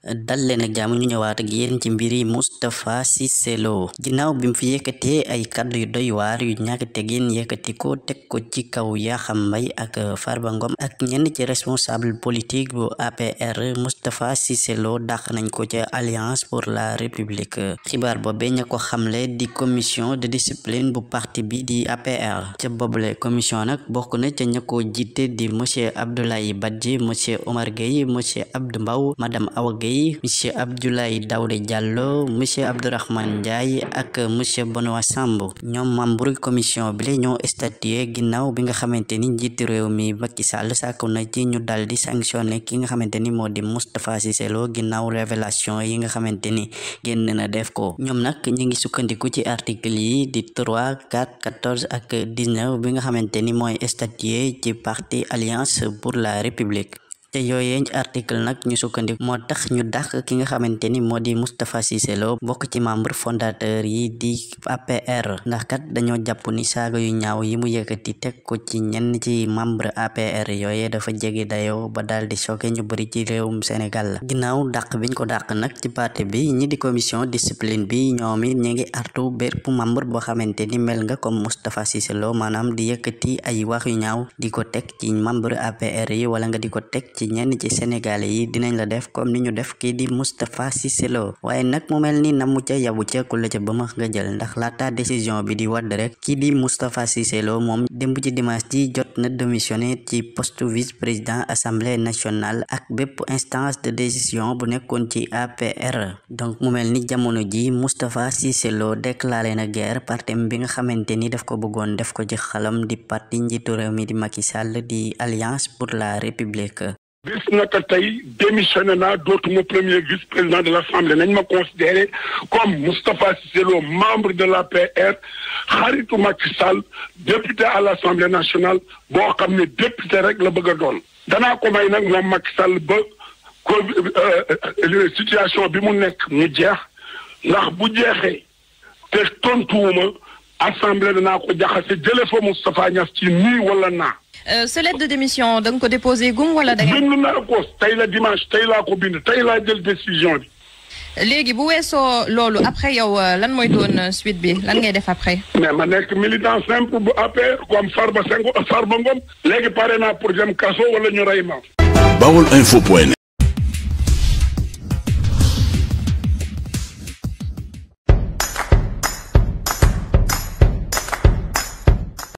dal leen ak jaamu ñu ñëwaat ak yéen ci mbiri Moustapha Cissé Lo ginnaaw bi mu fi yëkkatee ay kàddu yu doy waar yu ñàkk tegin yëkkati ko teg ko ci kaw Yakham Mbaye ak Farba Ngom ak ñenn ci responsable politique bu APR Moustapha Cissé Lo dàq nañ ko ca Alliance pour la République xibaar boobe ña ko xamle di commission de discipline bu parti bi di APR boob boobule commission nag bokk na ca ña ko jiite di monsieur Abdoulaye Badji monsieur Omar Gueye monsieur Abdou Mbaw madame Awa Gueye Gueye monsieur Abdoulaye Daouda Diallo monsieur Abdourahmane Ndiaye ak monsieur Benoît Sambou ñoom membre commission bi la ñoo statué ginnaaw bi nga xamante ni njiitu réew mi Macky Sall sàkku na ci ñu dal di sanctionné ki nga xamante ni moo di Moustapha Cissé Lo ginnaaw révélation yi nga xamante ni génn na def ko ñoom nag ñu ngi sukkandiku ci article yi di 3 4 14 ak 19 bi nga xamante ni mooy statué ci parti Alliance pour la République te yooyee article nag ñu sukkandiku moo tax ñu dàq ki nga xamante ni moo di Moustapha Cissé Lo bokk ci membre fondateur yi di APR ndax dañoo jàpp ni saaga yu ñaaw yi mu yëkkati teg ko ci ñenn ci membre APR yooyee dafa jege dayoo ba daal di choqué ñu bëri ci réewum Sénégal ginnaaw dàq biñ ko dàq nag ci parti bi ñi di commission discipline bi ñoom it ñu ngi artu bépp membre boo xamante ni mel nga comme Moustapha maanaam di yëkkati ay wax yu ñaaw di ko teg ci membre APR yi wala nga di ko teg ci ñenn ci sénégalais yi dinañ la def comme ni ñu def kii di Moustapha Cissé waaye nag mu mel ni namu ca yabu ca ku la ca ba max nga jël ndax laata décision bi di wadd rek kii di Moustapha Cissé Lo moom démb ci dimanche ji jot na démissionné ci post vice président assemblée nationale ak bépp instance de décision bu nekkoon ci APR donc mu mel ni jamono ji Moustapha Cissé Lo déclaré na guerre partem bi nga xamante ni daf ko bëggoon def ko ci xalam di parti njiitu réew mi di Macky Sall di Alliance pour la République bis naka tey démissionné naa dootuma premier vice président de l' assemblée nañ ma considéré comme Moustapha Cissé Lo membre de l'APR xaritu Macky Sall député à l' nationale boo xam ne député rek la bëgg a doon. danaa ko may nag moom Macky Sall ba euh, euh, situation bi mu nekk mu jeex ndax bu jeexee te tontuwuma assemblée danaa ko jaxase jële fa Moustapha Niass ci nii wala naa. Euh, sa lettre de démission da nga ko déposé gum wala da nga. bind naa ko tey la dimanche tey laa ko bind décision bi. léegi bu weesoo loolu après yow euh, lan mooy doon euh, suite bi lan ngay def après. mais ma nekk militant simple bu APR comme Farba Senghor Farba Ngom léegi pare naa pour jëm kaso wala ñu ma.